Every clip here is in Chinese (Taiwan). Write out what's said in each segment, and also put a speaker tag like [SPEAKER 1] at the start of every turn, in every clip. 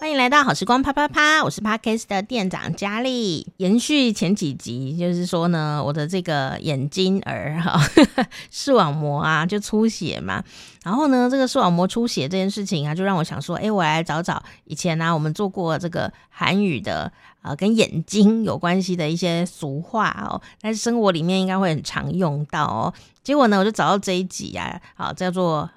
[SPEAKER 1] 歡迎來到好時光啪啪啪，我是 Parkcase 的店長佳麗。延續前幾集，就是說呢，我的這個眼睛兒哈、哦、視網膜啊就出血嘛，然後呢，這個視網膜出血這件事情啊，就讓我想說，哎，我來找找以前呢、啊，我們做過這個韓語的啊、呃，跟眼睛有關係的一些俗話哦，但是生活裡面應該會很常用到哦。結果呢，我就找到這一集啊，好叫做。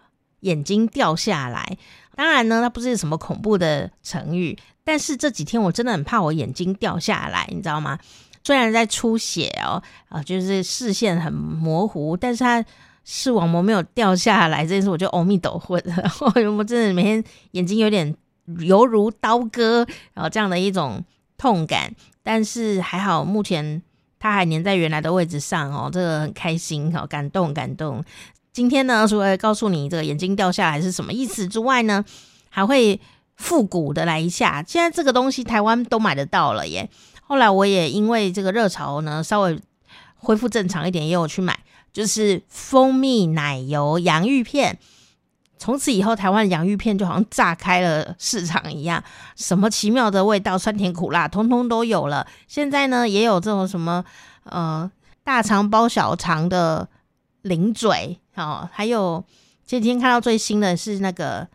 [SPEAKER 1] 眼睛掉下來，當然呢，它不是什麼恐怖的成語。但是這幾天我真的很怕我眼睛掉下來，你知道嗎？雖然在出血哦、喔，啊，就是視線很模糊，但是它視網膜沒有掉下來這件事，我就歐米抖混了。 我真的每天眼睛有點猶如刀割啊，這樣的一種痛感。但是還好，目前它還粘在原來的位置上哦、啊，這個很開心，好感動，感動。感動今天呢，除了告訴你這個眼睛掉下來是什麼意思之外呢，還會復古的來一下。現在這個東西台灣都買得到了耶。後來我也因為這個熱潮呢，稍微恢復正常一點，也有去買，就是蜂蜜奶油洋芋片。從此以後，台灣洋芋片就好像炸開了市場一樣，什麼奇妙的味道，酸甜苦辣，通通都有了。現在呢，也有這種什麼呃大腸包小腸的，零嘴哦，還有，今天看到最新的是那個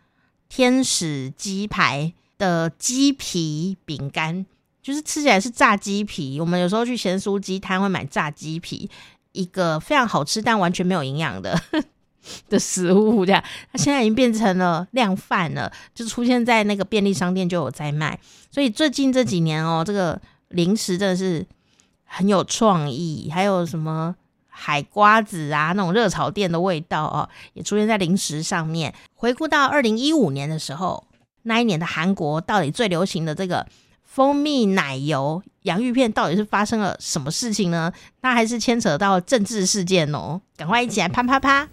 [SPEAKER 1] 天使雞排的雞皮餅乾，就是吃起來是炸雞皮。我們有時候去鹹酥雞攤會買炸雞皮，一個非常好吃但完全沒有營養的呵呵的食物。這樣，它現在已經變成了量販了，就出現在那個便利商店就有在賣。所以最近這幾年哦，這個零食真的是很有創意。還有什麼？海瓜子啊，那種熱炒店的味道哦，也出現在零食上面。回顧到二零一五年的時候，那一年的韓國到底最流行的這個蜂蜜奶油洋芋片，到底是發生了什麼事情呢？那還是牽扯到政治事件哦。趕快一起來啪啪啪！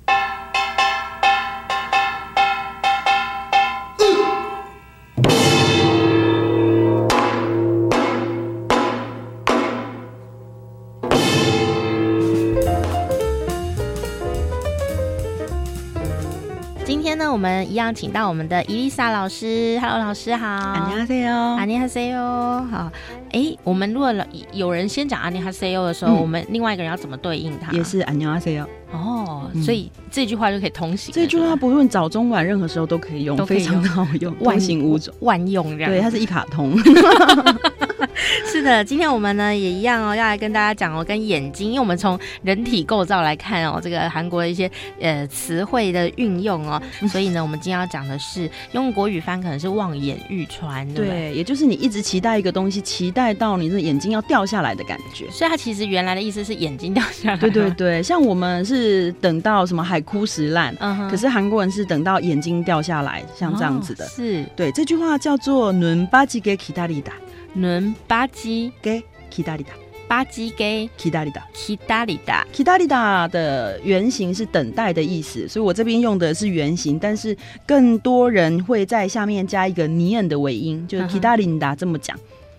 [SPEAKER 1] 今天呢，我們一樣請到我們的伊麗莎老師。Hello，老師好。안녕하세요안녕하세요。好，哎、欸，我們如果有人先講안녕하세요的時候、嗯，我們另外一個人要怎麼對應他？也
[SPEAKER 2] 是안녕하세요。哦、嗯，
[SPEAKER 1] 所以這句話就可以通行
[SPEAKER 2] 了是不是。這句話不論早中晚任何時候都可以用，都可以用非常的好用，萬形物
[SPEAKER 1] 種，萬用這樣。對，它是一卡通。 的，今天我們呢，也一樣哦，要來跟大家講哦，跟眼睛，因為我們從人體構造來看哦，這個韓國的一些呃詞彙的運用哦， 所以呢，我們今天要講的是用國語翻，可能是望
[SPEAKER 2] 眼欲穿，對不對？對，也就是你一直期待一個東西，期待到你的眼睛要掉下來的感覺。
[SPEAKER 1] 所以它其實原來的意思是眼睛掉下
[SPEAKER 2] 來。對對對，像我們是等到什麼海枯石爛、嗯哼，可是韓國人是等到眼睛掉下來，像這樣子的。哦、是對，這句話叫做눈빠지게기다리다輪巴基給基達里達，巴基給基達里達，基達里達，基達里達的原型是等待的意思，嗯、所以我這邊用的是原型、嗯，但是更多人會在下面加一個尼恩的尾音，就是基達林達這麼講，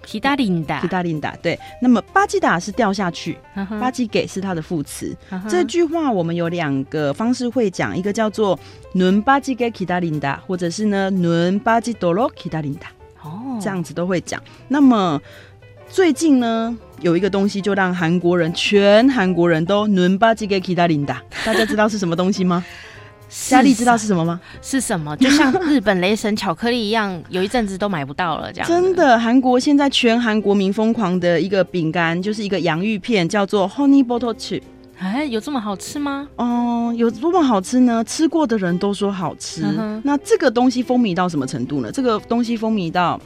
[SPEAKER 2] 基達林達，基達林達，對。那麼巴基達是掉下去，巴、啊、基給是它的副詞、啊。這句話我們有兩個方式會講，一個叫做輪巴基給基達林達，或者是呢輪巴基多羅基達林達。這樣子都會講。那麼最近呢，有一個東西就讓韓國人，全韓國人都輪巴唧給 kidalinda，大家知道是什麼東西嗎？佳 麗知道是什麼嗎？是什麼？就像日本雷神巧克力一樣，
[SPEAKER 1] 有一陣子都買不到了。這樣真的？
[SPEAKER 2] 韓國現在全韓國民瘋狂的一個餅乾，就是一個洋芋片，叫做 honey butter chip、欸。哎，有這麼好吃嗎？哦、嗯，有多麼好吃呢？吃過的人都說好吃、嗯。那這個東西風靡到什麼程度呢？這個東西風靡到。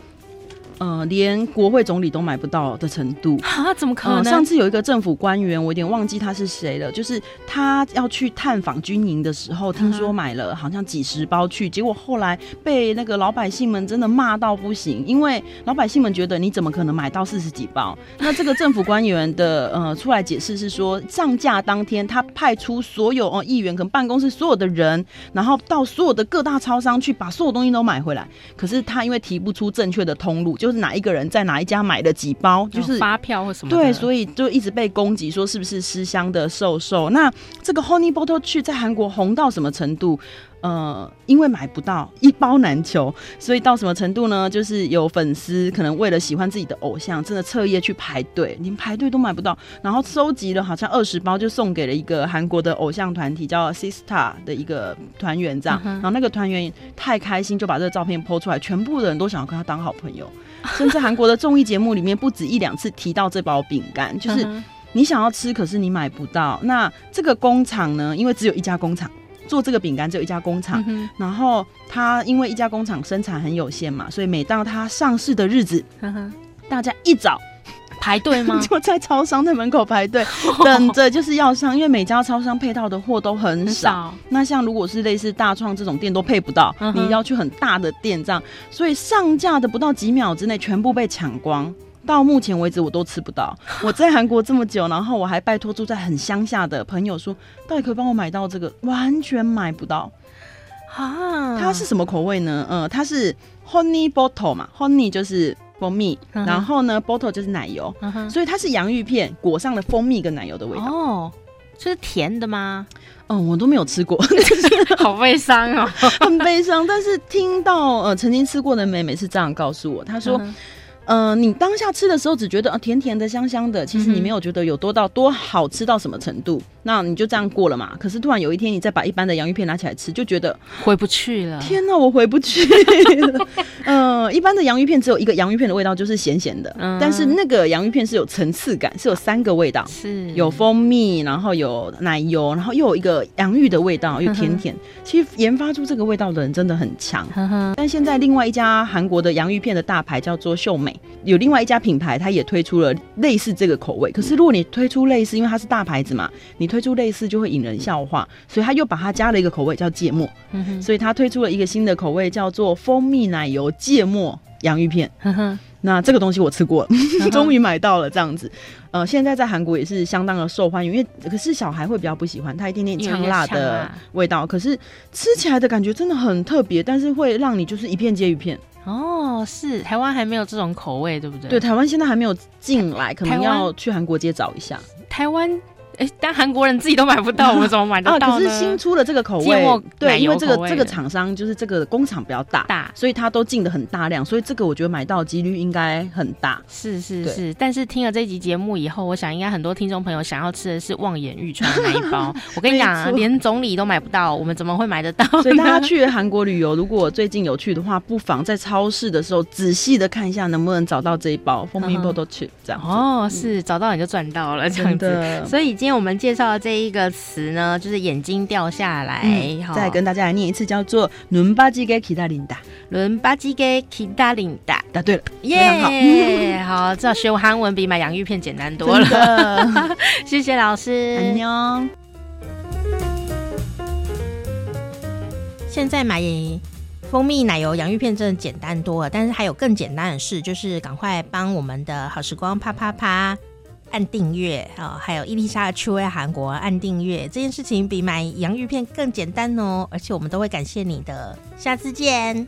[SPEAKER 2] 呃，連國會總理都買不到的程度啊，怎麼可能呢、呃？上次有一個政府官員，我有點忘記他是誰了。就是他要去探訪軍營的時候，聽說買了好像幾十包去，結果後來被那個老百姓們真的罵到不行，因為老百姓們覺得你怎麼可能買到四十幾包？那這個政府官員的呃，出來解釋是說，上架當天他派出所有哦、呃、議員可能辦公室所有的人，然後到所有的各大超商去把所有東西都買回來，可是他因為提不出正確的通路就。就是哪一個人在哪一家買了幾包，就是發、哦、票或什麼？對，所以就一直被攻擊，說是不是私相的授受。那這個 Honey Butter Chip 在韓國紅到什麼程度？呃，因為買不到一包難求，所以到什麼程度呢？就是有粉絲可能為了喜歡自己的偶像，真的徹夜去排隊，連排隊都買不到，然後收集了好像二十包，就送給了一個韓國的偶像團體叫 Sistar 的一個團員這樣。然後那個團員太開心，就把這個照片 PO 出來，全部的人都想要跟他當好朋友，甚至韓國的綜藝節目裡面不止一兩次提到這包餅乾，就是你想要吃，可是你買不到。那這個工廠呢？因為只有一家工廠。做這個餅乾只有一家工廠，嗯，然後他因為一家工廠生產很有限嘛，所以每到他上市的日子，嗯，大家一早排隊嗎？ 就在超商的門口排隊，哦，等着，就是要上，因為每家超商配套的貨都很少，很少。那像如果是類似大創這種店都配不到，嗯，你要去很大的店這樣，所以上架的不到幾秒之內全部被搶光。到目前為止我都吃不到。我在韓國這麼久，然後我還拜託住在很鄉下的朋友說，到底可以幫我買到這個？完全買不到啊！它是什麼口味呢？嗯、呃，它是 honey butter 嘛，honey 就是蜂蜜，然後呢，butter 就是奶油、嗯，所以它是洋芋片裹上了蜂蜜跟奶油的味道。哦，這、就是甜的嗎？嗯，我都沒有吃過， 好悲傷哦，很悲傷。但是聽到呃曾經吃過的妹妹是這樣告訴我，她說，嗯嗯、呃，你當下吃的時候只覺得啊、呃，甜甜的，香香的，其實你沒有覺得有多到多好吃到什麼程度，嗯、那你就這樣過了嘛。可是突然有一天，你再把一般的洋芋片拿起來吃，就覺得回不去了。天哪，我回不去了。 呃、嗯，一般的洋芋片只有一個洋芋片的味道，就是鹹鹹的、嗯。但是那個洋芋片是有層次感，是有三個味道，是，有蜂蜜，然後有奶油，然後又有一個洋芋的味道，又甜甜。呵呵。其實研發出這個味道的人真的很強。但現在另外一家韓國的洋芋片的大牌叫做秀美，有另外一家品牌，它也推出了類似這個口味。可是如果你推出類似，因為它是大牌子嘛，你推出類似就會引人笑話，所以他又把它加了一個口味叫芥末。嗯哼，所以他推出了一個新的口味叫做蜂蜜奶油芥末。墨洋芋片呵呵，那這個東西我吃過了，終於買到了這樣子。呃，現在在韓國也是相當的受歡迎，因為可是小孩會比較不喜歡，他一點點嗆辣的味道、啊，可是吃起來的感覺真的很特別，但是會讓你就是一片接一片。哦，是台灣還沒有這種口味，對不對？對，台灣現在還沒有進來，可能要去韓國街找一下。台灣。哎、欸，但韓國人自己都買不到，我們怎麼買得到？啊，可是新出的這個口味，口味對，因為這個這個廠商就是這個工廠比較大，大，所以他都進的很大量，所以這個我覺得買到的幾率應該很大。是是是，但是聽了這一集節目以後，
[SPEAKER 1] 我想應該很多聽眾朋友想要吃的是望眼欲穿的那一包。 我跟你講、啊，連總理都買不
[SPEAKER 2] 到，我們怎麼會買得到？所以大家去韓國旅遊，如果最近有去的話，不妨在超市的時候仔細的看一下，能不能找到這一包。蜂蜜包都去這樣。哦，嗯、是找到你就
[SPEAKER 1] 賺到了這樣子。的所以今我們介紹的這一個詞呢，就是眼睛掉下
[SPEAKER 2] 來。嗯、再跟大家來念一次，叫做“倫巴基給奇達琳達”，倫巴基給奇達琳達。答、啊、對了，耶、yeah,！
[SPEAKER 1] 好，知 道學韓文比買洋芋片簡單多了。 謝謝老師。哎呦，現在買蜂蜜奶油洋芋片真的簡單多了，但是還有更簡單的事，就是趕快幫我們的好時光啪啪啪，啪。按訂閱，哦，還有伊麗莎的趣味韓國按訂閱這件事情比買洋芋片更簡單哦，而且我們都會感謝你的。下次見。